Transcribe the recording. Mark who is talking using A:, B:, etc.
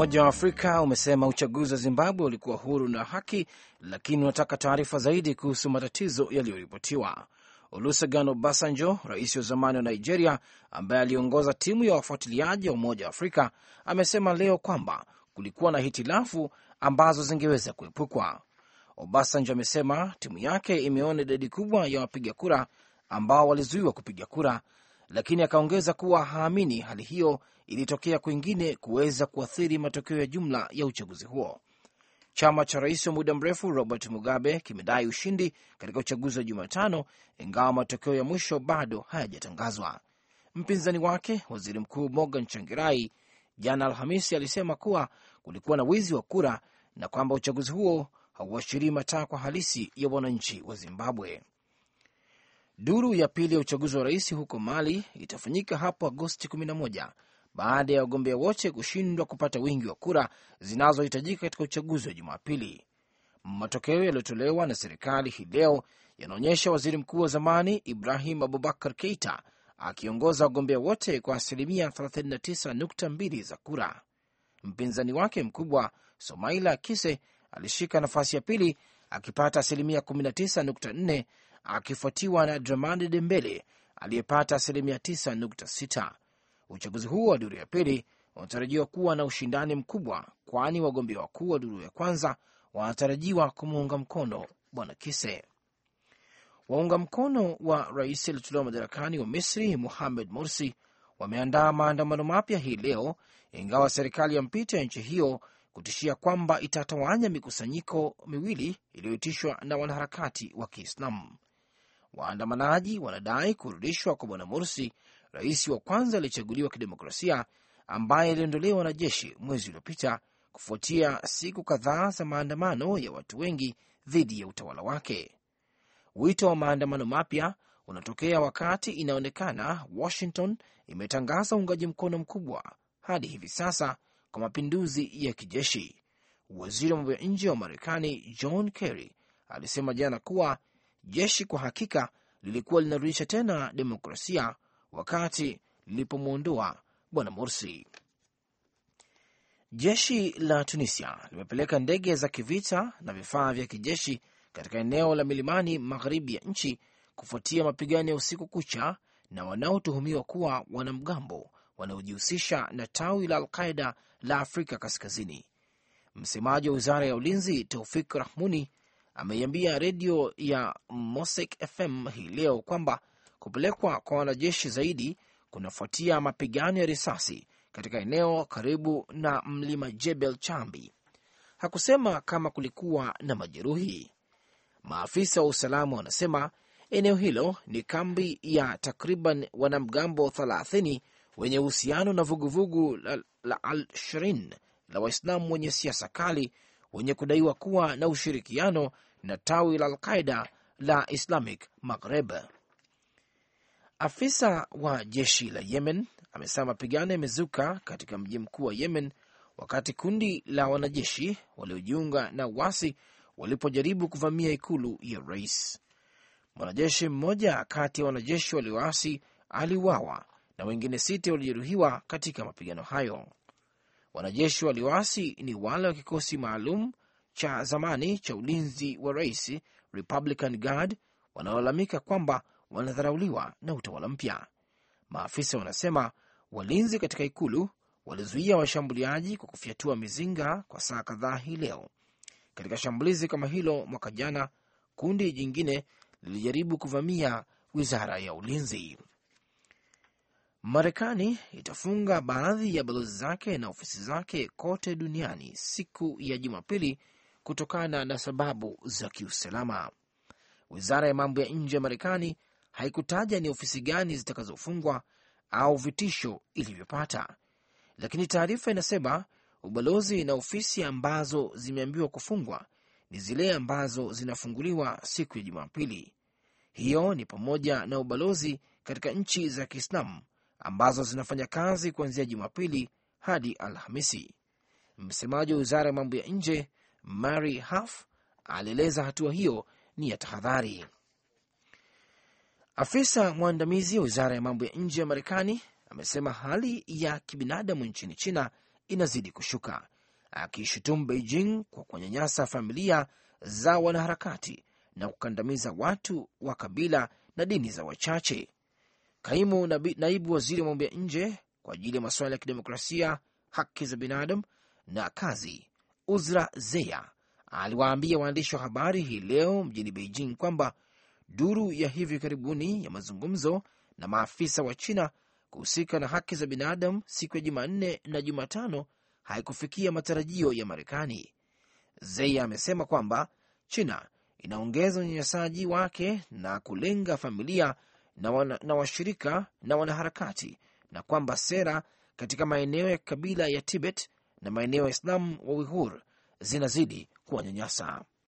A: Umoja wa Afrika umesema uchaguzi wa Zimbabwe ulikuwa huru na haki, lakini unataka taarifa zaidi kuhusu matatizo yaliyoripotiwa. Olusegun Obasanjo, rais wa zamani wa Nigeria ambaye aliongoza timu ya wafuatiliaji wa Umoja wa Afrika, amesema leo kwamba kulikuwa na hitilafu ambazo zingeweza kuepukwa. Obasanjo amesema timu yake imeona idadi kubwa ya wapiga kura ambao walizuiwa kupiga kura lakini akaongeza kuwa haamini hali hiyo ilitokea kwingine kuweza kuathiri matokeo ya jumla ya uchaguzi huo. Chama cha rais wa muda mrefu Robert Mugabe kimedai ushindi katika uchaguzi wa Jumatano, ingawa matokeo ya mwisho bado hayajatangazwa. Mpinzani wake waziri mkuu Morgan Changirai jana Alhamisi alisema kuwa kulikuwa na wizi wa kura na kwamba uchaguzi huo hauashirii matakwa halisi ya wananchi wa Zimbabwe. Duru ya pili ya uchaguzi wa rais huko Mali itafanyika hapo Agosti 11 baada ya wagombea wote kushindwa kupata wingi wa kura zinazohitajika katika uchaguzi wa Jumapili. Matokeo yaliyotolewa na serikali hii leo yanaonyesha waziri mkuu wa zamani Ibrahim Abubakar Keita akiongoza wagombea wote kwa asilimia 39.2 za kura. Mpinzani wake mkubwa Somaila Kise alishika nafasi ya pili akipata asilimia 19.4 akifuatiwa na Dramani Dembele aliyepata asilimia 9.6. Uchaguzi huo wa duru ya pili unatarajiwa kuwa na ushindani mkubwa, kwani wagombea wakuu wa duru ya kwanza wanatarajiwa kumuunga mkono bwana Kise. Waunga mkono wa rais aliyetolewa madarakani wa Misri Muhamed Morsi wameandaa maandamano mapya hii leo, ingawa serikali ya mpito ya nchi hiyo kutishia kwamba itatawanya mikusanyiko miwili iliyoitishwa na wanaharakati wa Kiislamu. Waandamanaji wanadai kurudishwa kwa bwana Morsi, rais wa kwanza aliyechaguliwa kidemokrasia, ambaye aliondolewa na jeshi mwezi uliopita kufuatia siku kadhaa za maandamano ya watu wengi dhidi ya utawala wake. Wito wa maandamano mapya unatokea wakati inaonekana Washington imetangaza uungaji mkono mkubwa hadi hivi sasa kwa mapinduzi ya kijeshi. Waziri wa mambo ya nje wa Marekani John Kerry alisema jana kuwa jeshi kwa hakika lilikuwa linarudisha tena demokrasia wakati lilipomwondoa bwana Morsi. Jeshi la Tunisia limepeleka ndege za kivita na vifaa vya kijeshi katika eneo la milimani magharibi ya nchi kufuatia mapigano ya usiku kucha na wanaotuhumiwa kuwa wanamgambo wanaojihusisha na tawi la Alqaida la Afrika Kaskazini. Msemaji wa wizara ya ulinzi Taufik Rahmuni ameiambia redio ya Mosik FM hii leo kwamba kupelekwa kwa wanajeshi zaidi kunafuatia mapigano ya risasi katika eneo karibu na mlima Jebel Chambi. Hakusema kama kulikuwa na majeruhi. Maafisa wa usalama wanasema eneo hilo ni kambi ya takriban wanamgambo 30 wenye uhusiano na vuguvugu la, la Al-Shirin la Waislamu wenye siasa kali wenye kudaiwa kuwa na ushirikiano na tawi la Alqaida la Islamic Maghreb. Afisa wa jeshi la Yemen amesema mapigano yamezuka katika mji mkuu wa Yemen wakati kundi la wanajeshi waliojiunga na wasi walipojaribu kuvamia ikulu ya rais. Mwanajeshi mmoja kati ya wanajeshi walioasi aliuawa na wengine sita walijeruhiwa katika mapigano hayo. Wanajeshi walioasi ni wale wa kikosi maalum cha zamani cha ulinzi wa rais Republican Guard wanaolalamika kwamba wanadharauliwa na utawala mpya. Maafisa wanasema walinzi katika ikulu walizuia washambuliaji kwa kufyatua mizinga kwa saa kadhaa hii leo. Katika shambulizi kama hilo mwaka jana, kundi jingine lilijaribu kuvamia wizara ya ulinzi. Marekani itafunga baadhi ya balozi zake na ofisi zake kote duniani siku ya Jumapili kutokana na sababu za kiusalama. Wizara ya mambo ya nje ya Marekani haikutaja ni ofisi gani zitakazofungwa au vitisho ilivyopata, lakini taarifa inasema ubalozi na ofisi ambazo zimeambiwa kufungwa ni zile ambazo zinafunguliwa siku ya Jumapili. Hiyo ni pamoja na ubalozi katika nchi za Kiislamu ambazo zinafanya kazi kuanzia Jumapili hadi Alhamisi. Msemaji wa wizara ya mambo ya nje Mary Huff alieleza hatua hiyo ni ya tahadhari. Afisa mwandamizi wa wizara ya mambo ya nje ya Marekani amesema hali ya kibinadamu nchini China inazidi kushuka, akishutumu Beijing kwa kunyanyasa familia za wanaharakati na kukandamiza watu wa kabila na dini za wachache. Kaimu naibu waziri wa mambo ya nje kwa ajili ya masuala ya kidemokrasia, haki za binadamu na kazi Uzra Zeya aliwaambia waandishi wa habari hii leo mjini Beijing kwamba duru ya hivi karibuni ya mazungumzo na maafisa wa China kuhusika na haki za binadamu siku ya Jumanne na Jumatano haikufikia matarajio ya Marekani. Zeya amesema kwamba China inaongeza unyanyasaji wake na kulenga familia na, wana, na washirika na wanaharakati na kwamba sera katika maeneo ya kabila ya Tibet na maeneo ya Waislamu wa Uighur zinazidi kuwanyanyasa.